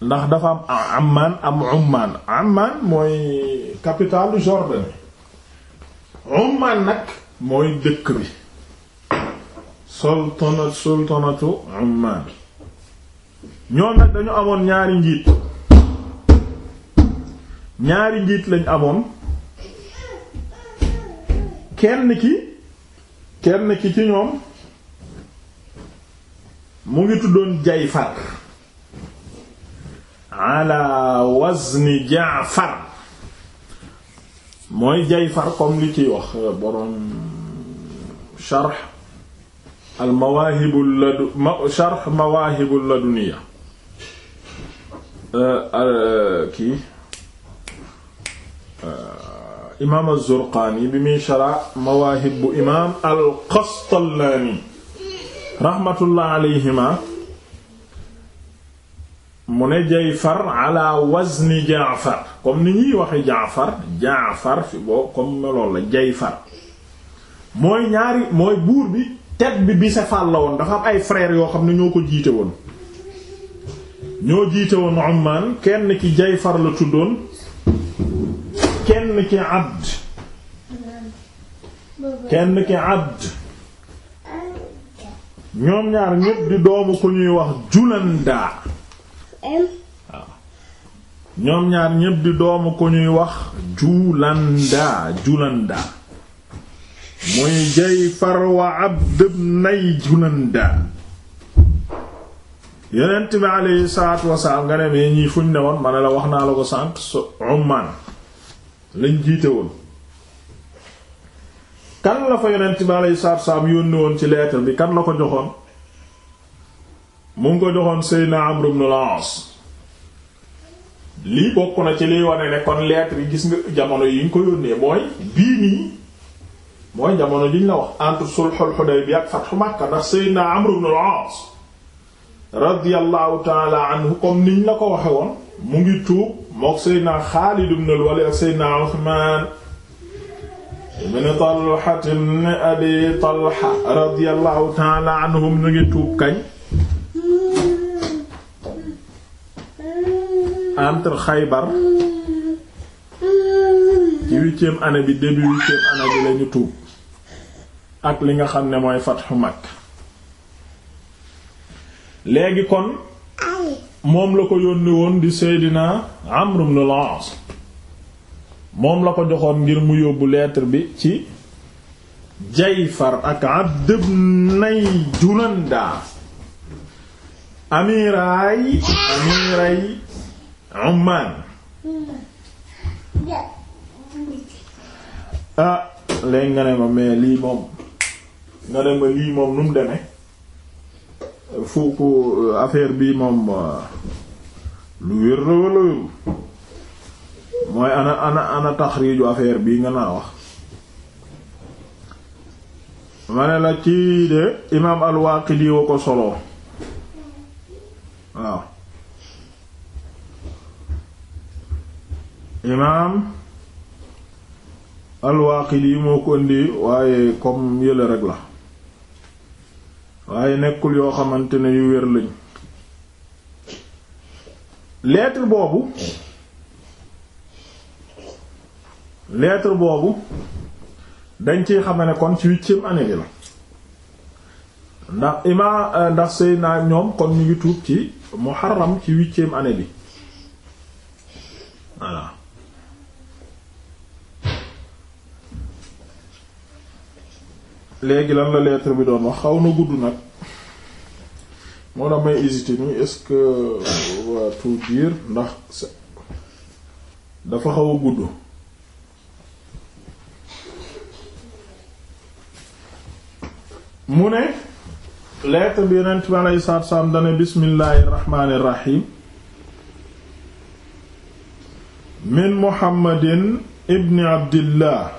ndax dafa am Amman am Umman Amman mooy capitale Jordanie Umman nag mooy dëkk bi sultanat sultanatu Umman ñoom nag dañu amoon ñaari njiit ñaari njiit lañ amoon kenn ki kenn ki ci ñoom mu ngi tuddoon Jayfar ala wazni Jaafar mooy Jayfar comme li ciy wax euh, boroom sharh al mawaahibul ladu sharh mawaahibul laduniya euh, euh, kii euh, imaam az-Zurqaani bi muy shara mawaahib bu imaam al-Qastallaani rahmatullah alayhima mu ne Jayfar ala wazni Jaafar comme ni ñuy waxe Jaafar Jaafar fi boo comme loolu la Jayfar mooy ñaari mooy buur bi tête bi bicéphale la woon dafa ay frères yoo xam ne ñoo ko jiite woon ñoo jiite woon Umman kenn ki Jayfar la tuddoon kenn ki Abd kenn ki Abd ñoom ñaar ñépp di doomu ku ñuy wax Julanda waaw ñoom ñaar ñépp di doomu ku ñuy wax Julanda Julanda muy Jayfar wa Abd ibn Julanda yonent bi aleyhi salaatu wasalaam nga ne mee ñii fuñ ne woon ma la wax naa la ko sant so Umman lañ jiite woon kan la fa yonent bi aleyhi salaatu wasalaam yónni woon ci lettre bi kan la ko joxoon mu ngi ko joxoon Seydina Amr ibn al-As lii bokk na ci liy wane ne kon lettre yi gis nga jamono yi ñu ko yónnee mooy bii nii mooy jamono jiñ la wax entre sulhul Hudaybiya ak fathu Makka ndax Seydina Amr ibn al-Aas radiyallahu taala anhu comme niñ la ko waxe woon mu ngi tuub mook Seydina Xaalid ibn al-Walid ak Seydina Usmaan ibn Talha ibn Abi Talha radiyallahu taala anhum ñu ngi tuub kañ entre Xaybar ci huitième année bi début huitième année bi lañu tuub ak li nga xam ne mooy fatxu Makka léegi kon moom la ko yónni woon di Seydina Amr moom la ko joxoon ngir mu yóbbu lettre bi ci Jayfar ak amiraay amiray ah léegi nga ne ma mais lii moom nga ne ma lii moom nu demee foo ko euh, affaire bi moom euh, lu wér la wala wéru mooy ana ana ana taxriiju affaire bi nga naa wax ma ne la ci de imaam al-Waaqidi wa ko solo waaw imaam al yi moo ko indi waaye comme yële rek la waaye nekkul yoo xamante ne yu wér lañ lettre boobu lettre boobu dañ ciy xam ne kon ci huitième année bi la ndax ima euh, ndax sëy naa ñoom kon ñu ngi tuub ci Muharram ci huitième année bi voilà léegi lan la lettre bi doon wax xaw na gudd nag moo tax may hésité nii est-ce que waa ndax dafa xaw a gudd mu ne lettre bi yonent bi aleyhi salaatu wa salaam dane bismillahi rahmaani min muhammadin ibni abdillah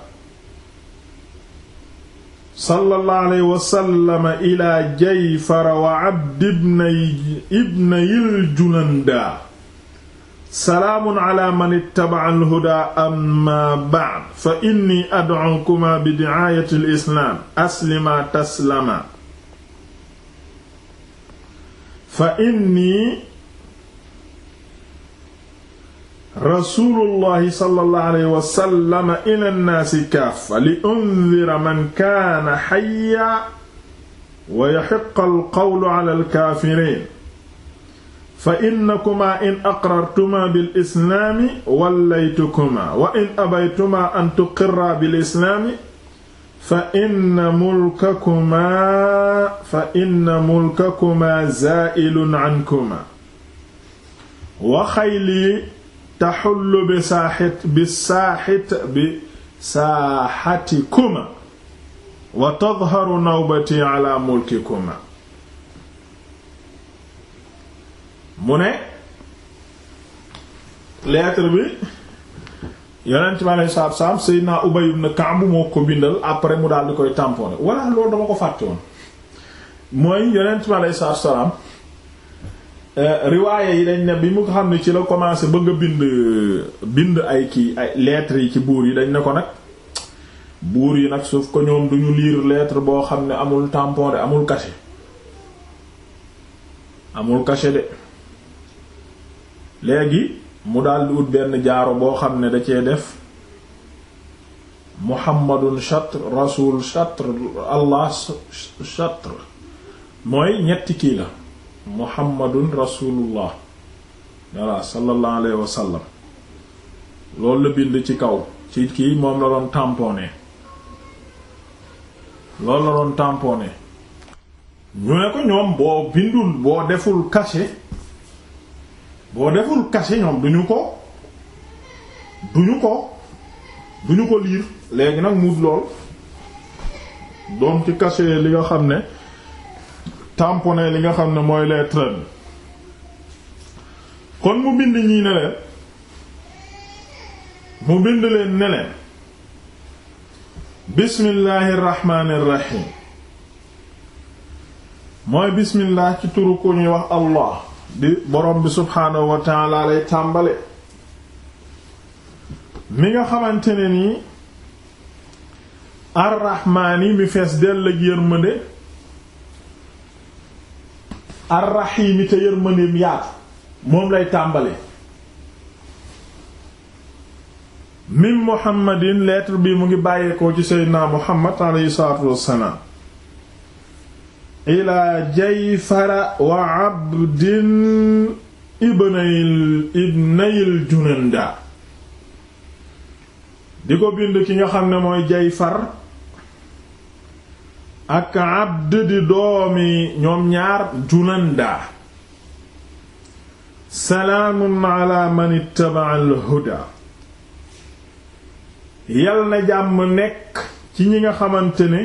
sallallahu alayhi wa sallam ila jayfara wa abd ibn yiljulanda salaamun ala man ittaba'a alhuda amma ba'd fa inni ad'ukuma bi di'ayati alislaam aslima taslama fa inni rasuulullahi sallallahu alayhi wa sallam ila nnaasi kaaffa li undira man kaana xayya wa yaxiqa alqawlu ala alkaafiriin fa innakumaa in aqrartumaa bilislaami wallaytukumaa wa in abaytumaa an tuqirraa bilislaami fa inna mulkakumaa fa inna mulkakumaa zaa'ilun cankumaa wa xayli taxullu bi saaxit bi saaxit bi saaxatikuma wa tadharu nawbati mu ne lettre bi yonent bi alei saatu salaam Seydina Ubay ibn Ka'b moo ko bindal après mu daal di koy tamponné walla loolu dama ko fàtte mooy yonent bi alei saatu salaam Euh, riwaaya yi dañ ne bi mu xam ne ci la commencé bëgg a bind bind ay kii ay lettres yi ci buur yi dañ ne ko nag buur yi nag suuf que ñoom duñu lire lettre boo xam ne amul tampon de amul cachet amul cachet de léegi mu daldi ut benn jaaro boo xam ne da cee def muhammadun shatr rasul shatr allah shatr mooy ñetti kii la muhammadun rasulullah walla sallallahu alayhi wa sallam loolu la bind ci kaw ci kii moom la doon tamponné loolu la doon tamponné ñu ko ñoom boo bindul boo deful cachet boo deful cachet ñoom duñu ko duñu ko duñu ko liir léegi nag mu lool doom ci kase li nga xam ne tamponné li nga xam ne mooy lettre bi kon mu bind ñii ne leen mu bind leen ne leen bismillahi mooy bismillah ci turu ku ñuy wax allah di borom bi subhaanahu wa taala mi nga xamante ne nii arrahmaani mi fees dell ak yërmande arraxiimi te yërmandeem yaatu moom lay tàmbale min muhammadin lettre bi mu ngi bàyyeekoo ci seydinaa muhammad aleyhi salaatu wassalaam ilaa jayfara wa abdin ibnayil ibnayil junanda di ko bind ki nga xam ne mooy jayfar ak Abd di doomi ñoom ñaar Julanda salaamun ala man ittaba'a al yal na jàmm nekk ci ñi nga xamante ne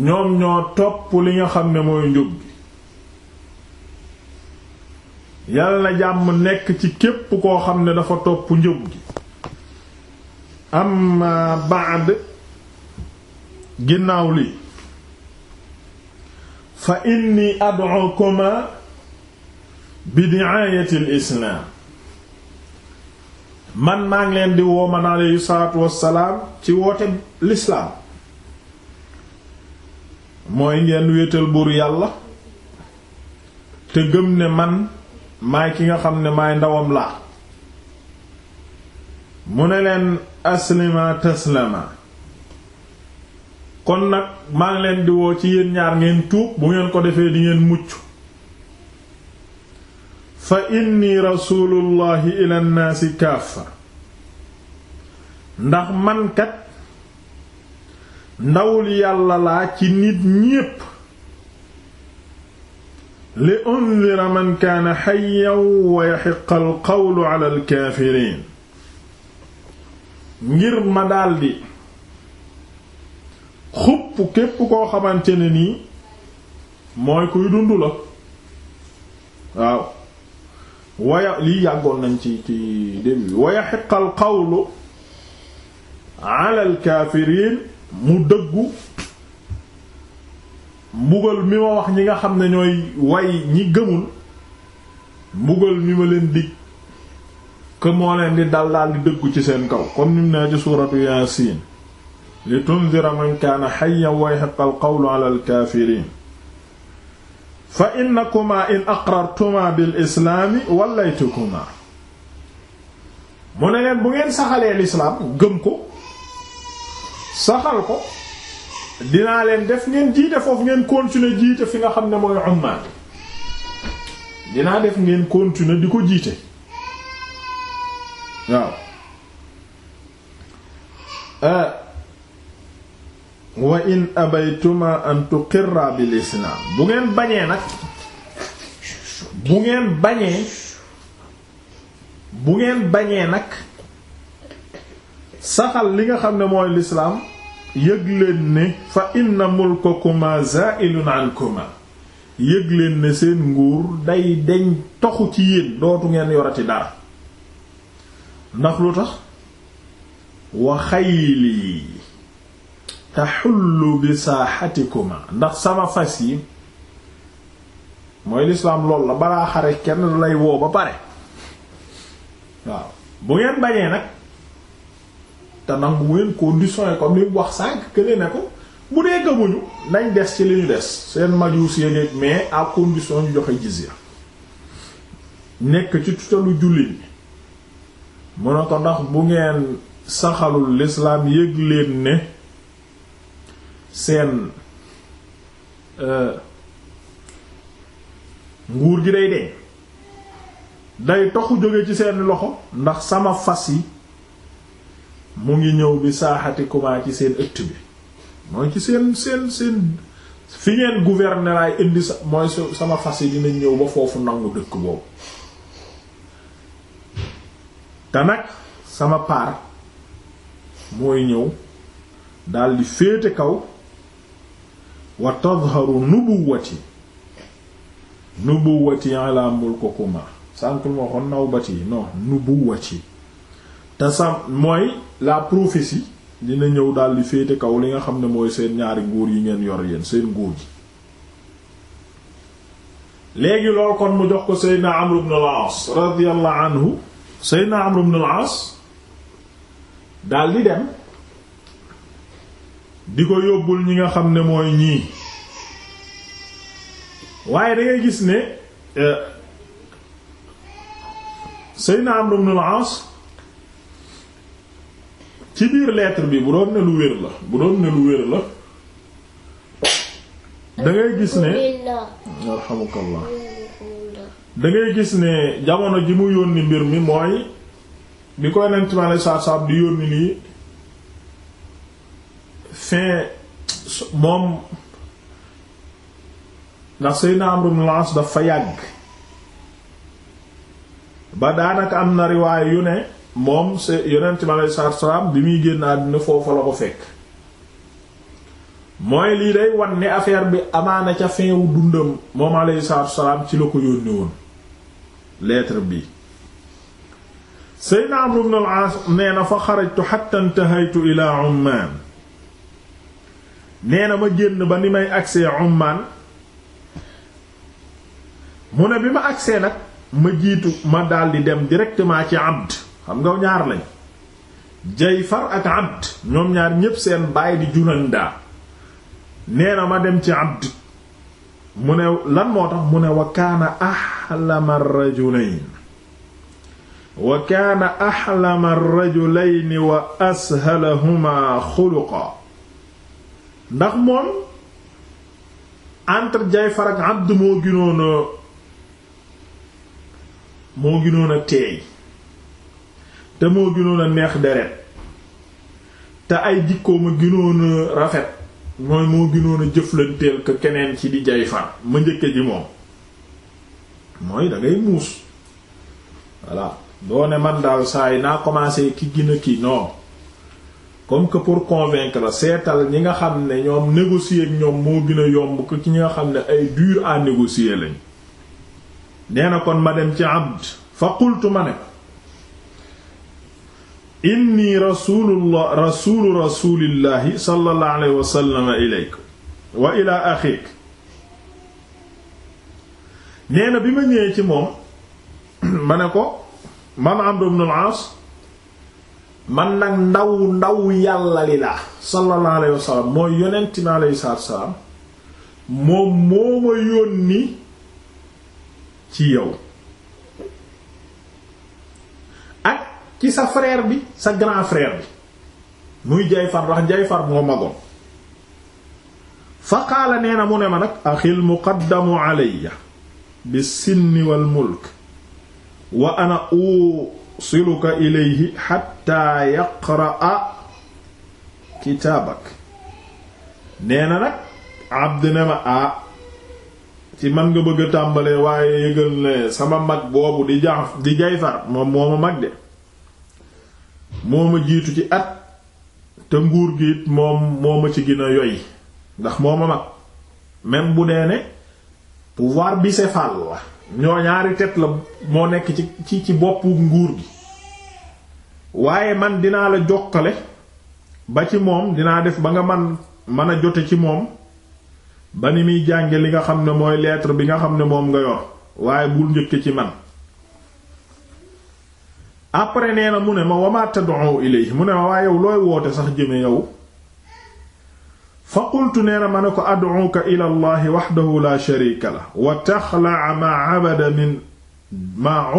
ñoom ñoo topp li nga xam ne mooy njub gi yal na jàmm nekk ci képp koo xam ne dafa topp njub gi amma ba'd ginnaaw lii fa inni ad'ukuma bi di'ayati al-islaam man maa ngi leen di woo man aleyhi salaatu wassalaam ci woote lislaam mooy ngeen wéetal buur yàlla te gëm ne man maay ki nga xam ne maay ndawam laa mu ne leen aslima taslama kon nag maa ngi leen di woo ci yéen ñaar ngeen tuub bu ngeen ko defee di ngeen mucc fa inni rasulullahi ila nnaasi kaafa ndax mankat ndawul yàlla laa ci nit ñépp li undira man kaana xayyan wa yaxiqa alqawlu ala alkaafiriin ngir ma daldi xupp képp koo xamante ne nii mooy kuy dund la waaw waya lii yàggoon nañ ci ci début bi waya xiqal qawlu ala kaafiriin mu dëggu mbugal mi ma wax ñi nga xam ne ñooy way ñi gëmul mbugal mi ma leen dig que moo leen di dal di dëggu ci seen kaw comme ni mu ci suuratu yaasiin li tundira man kaana xayyan wa yahiqqa alqawlu ala alkaafiriin fa innakumaa in aqrartumaa bil islaami wallaytukumaa mu ne leen bu ngeen saxalee lislaam gëm ko saxal ko dinaa leen def ngeen jiite foofu ngeen continuer jiite fi nga xam ne mooy Ummaan dinaa def ngeen continuer di ko jiite waaw euh, wa in abaytuma an tuqirra bil islam bu ngeen bañee nag bu ngeen bañee bu ngeen bañee nag saxal li nga xam ne mooy lislaam yëg leen ne fa inna mulkakuma za'ilun ankuma yëg leen ne seen nguur day deñ toxu ci yéen dootu ngeen yorati dara ndax lu tax wa xayli taxullu bi saaxatikuma ndax sama fas yi mooy lislaam lool la balaa xare kenn lay woo ba pare waaw bu ngeen bañee nag te nangu ngeen condition yi ko li wax sànq kële ne ko bu dee gëmuñu nañ des ci li ñu des seen majuus yéeg mais à condition ñu joxe jizya nekk ci tutalu jullit ñi mu ne ko ndax bu ngeen saxalul lislaam yëg leen ne seen euh, nguur gi day deñ day toxu jóge ci seen loxo ndax sama fas yi mu ngi ñëw bi saaxati kuma ci seen ëtt bi mooy ci seen seen seen fi ngeen gouverner ay indi sama fas yi dina ñëw ba foofu nangu dëkk boobu te sama paar mooy ñëw daldi féete kaw wa tadharu nubuwati nubuwati ala mulkukuma sànq moo xoon nawbati non nubuwati te sam mooy la prophétie dina ñëw daal di féete kaw li nga xam ne mooy seen ñaari nguur yi ngeen yor yéen seen nguur gi léegi lool kon mu jox ko Seydina Amr ibn al-As radiyallahu anhu Seydina Amr ibn al-As daal dem di ko yóbbul ñi nga xam ne mooy ñii waaye da gis ne euh, Seydina Amr ibn al-As ci biir lettre bi bu doon ne lu wér la bu doon ne lu wér la dangay gis ne alxamukallah da gis ne jamono ji mu yónni mbir mi mooy bi koy nent ma ne saab-saab di yónni nii fin moom ndax Seydina Amr ibn al-As dafa yàgg ba daanaka am na riwaay ne moom se yonent bi aleyhi salaatu salaam lii day wan ne bi amaana ca salaam ci la ko yónni woon lettre bi Seydina Amr ibn al-As nee na fa xarajtu hatta intahaytu ila Umman nee na ma génn ba ni may agsee Ummaan mu ne bi ma agsee nag ma jiitu ma daldi dem directement ci Abd xam nga ñaar lañ Jayfar ak Abd ñoom ñaar ñépp seen baay di Julanda nee na ma dem ci Abd mu ne lan moo tax mu ne wa kaana ahlama rajulayn wa kaana ahlama rajulayn wa ashalahuma xuluqa ndax moom entre Jayfar ak Abd moo gënoon a moo gënoon a teey te moo gënoon a neex deret te ay jikkoom a gënoon a rafet mooy moo gënoon a jëflanteel ko keneen ci di Jayfar ma njëkke ji moom mooy da muus voilà doo ne man daal saa yi naa commencé ki gën a kii non comme que pour convaincre la seetal ñi nga xam ne ñoom négocier ak ñoom moo gën a yomb ko ci ñi nga xam ne ay dur à négocier lañ nee na kon ma dem ci abd fa qultu ma ne inni rasulullah rasulu rasulillahi sallallahu alayhi wa sallam ilayk nee na bi ma ñëwee ci moom (clears throat) ma ne ko man Amr ibn al man nag ndaw ndaw yàlla li laa sallallahu alayhi wasallam yonent mi alayhi salaam moom moo ma yónni ci yow ak ci sa frère bi sa grand frère bi muy Jayfar wax Jayfar moo magoon fa qaala nee na mu ne ma nag axil muqaddamu alayya bi sinni wa ana u siluka ilayhi xatta yaqraa kitaabak nee na nag abd ne ma a ah, ci man nga bëgg a tàmbalee waaye yëgal ne sama mag boobu di ja di jayfar moom mooma mag de mooma jiitu ci at te nguur gi it moom mooma ci gën a yoy ndax mooma mag même bu dee ne pouvoir bicéphale la ñoo ñaari tet la moo nekk ci ci ci boppu nguur gi waaye man dinaa la jokkale ba ci moom dinaa def ba nga man mën a jote ci moom ba ni muy jànge li nga xam ne mooy lettre bi nga xam ne moom nga yor waaye bul njëkke ci man après nee na mu ne ma wama tad'u ilayhi mu ne ma waaye yow looy woote sax jëme yow fa qultu nee na ma ne ko ad'uka ila allahi waxdahu la sharika la wa taxlaa maa abada min maa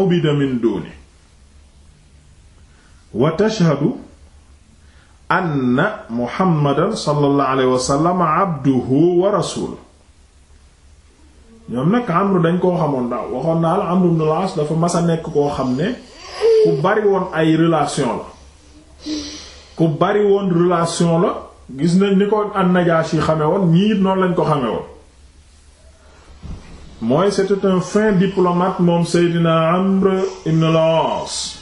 ñoom nag amru dañ koo xamoon daaw waxoon naa la amru ibn nekk koo xam ne ku bari woon ay relation la ku bari woon relation la gis nañ ni ko an yi xame woon ñii noonu lañ ko xame woon mooy c'était un fin diplomate moom Seydina Amr ibn al-Aas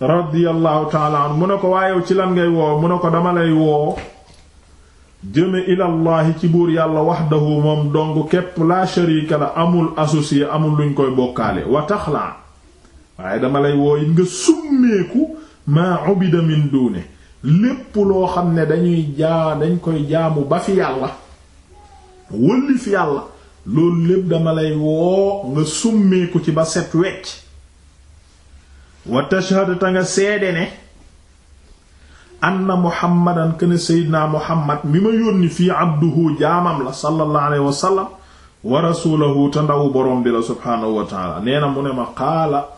mu ne ko waaye ci lan ngay woo mu ne ko dama lay woo jëme ilallahi ci buur yàlla wahdahu moom dong képp la sharika la amul associé amul luñ koy bokkaale wa tax taxla waaye dama lay woo it nga summeeku maa ubida min lépp loo xam ne dañuy jaa dañ koy jaamu ba fi yàlla wëlli fi yàlla loolu lépp dama lay woo nga summeeku ci ba set wecc wa tashhadu ta nga seede ne anna muhammadan kana seydinaa muhammad mi ma yónni fii abduhu jaamam la sallallahu alayhi wa wa rasuulahu te ndawu boroom bi la subhaanahu wa nee na mu ne ma qaala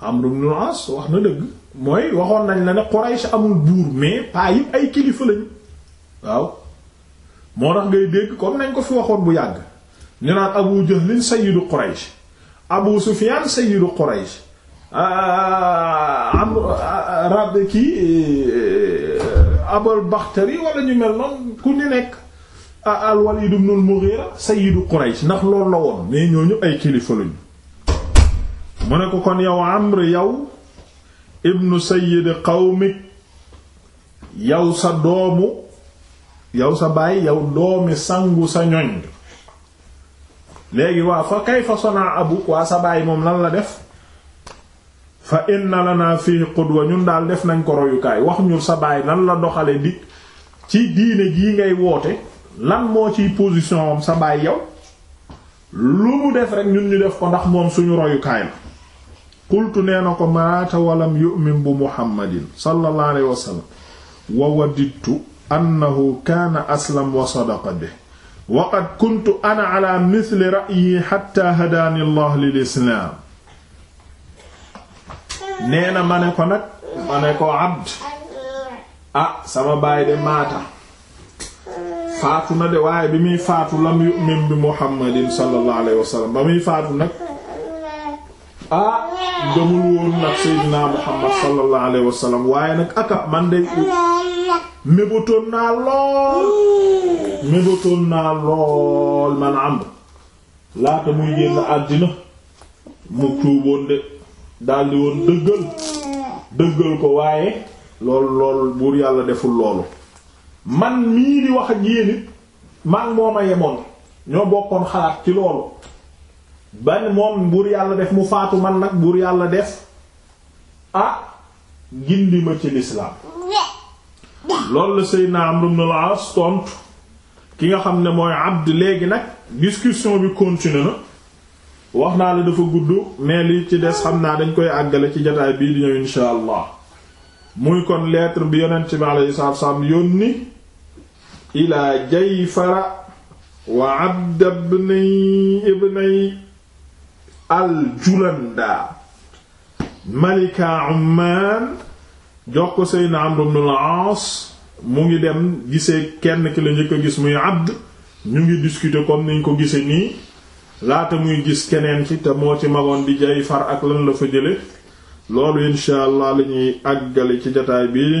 am ibn al-As wax na dëgg mooy waxoon nañ la ne Quraysh amul buur mais paa yëpp ay kilifa lañ waaw moo tax ngay dégg comme nañ ko fi waxoon bu yàgg ñu naan Abu Jahl sayyidu Quraysh Abu Sufyan sayyidu Quraysh ah, am ah, rab kii eh, Abul Bakhtari wala ñu mel noonu ku ñu nekk ah, al-Walid ibn al-Mughira sayyidu Quraysh ndax loolu la woon mais ñooñu ay kilifa lañu mu ne ko kon yow Amr yow ibnu sayyid qawmik yow sa doomu yow sa baay yow doomi sangu sa ñoñ léegi waa fa kayfa sona abu waa sa baay moom lan la def fa inna fii fihi qudwa ñun daal def nañ ko royukaay wax ñu sa baay lan la doxale di ci diine jii ngay woote lan moo ci position am sa baay yow lu mu def rek ñun ñu def ko ndax moom suñu royukaay la qultu nee na ko maata walam yu'min bu muhammadin sallallahu alayhi wa sallam wa wadidtu annahu kaana aslam wa sadaqa bi wa qad kuntu ana ala mithli ra'yi hatta hadaani allah lil islaam nee na ma ne ko nag ma ne ko abd ah sama baay de maata faatu na de waaye bi muy faatu lam yu'min bi muhammadin sallallahu alayhi wa sallam ba muy faatu nag ah demul woon nag Seydina Muhammad sallallahu alayhi waaye nag akab man de mébatoon naa lool mébatoon naa lool man am laata muy génn àddina mu tuuboon de daldi woon dëggal dëggal ko waaye lool lool buur yàlla deful loolu man mii di wax ak yéen man moo ma yemoon ñoo bokkoon xalaat ci loolu ban moom buur yàlla def mu faatu man nag buur yàlla def ah gindi ma ci lislaam loolu la Seydina Amr ibn al-As tontu ki nga xam ne mooy Abd léegi nag discussion bi continue na wax naa la dafa gudd mais li ci des xam naa dañ koy àggale ci jotaay bii di ñëw insha allah muy kon lettre bi yonent bi alayhi salaatu wassalaam yónni ilaa Jayfara wa Abd ibn ibnay al-Julanda malika Umman jox ko Seydina Amr ibn al-Aas mu ngi dem gise kenn ki la njëkk a gis muy Abd ñu ngi discuter comme niñ ko gisee nii laata muy gis keneen ci te moo ci magoon di jay far ak lan la fa jële loolu incha allah la ñuy ci jataay bi di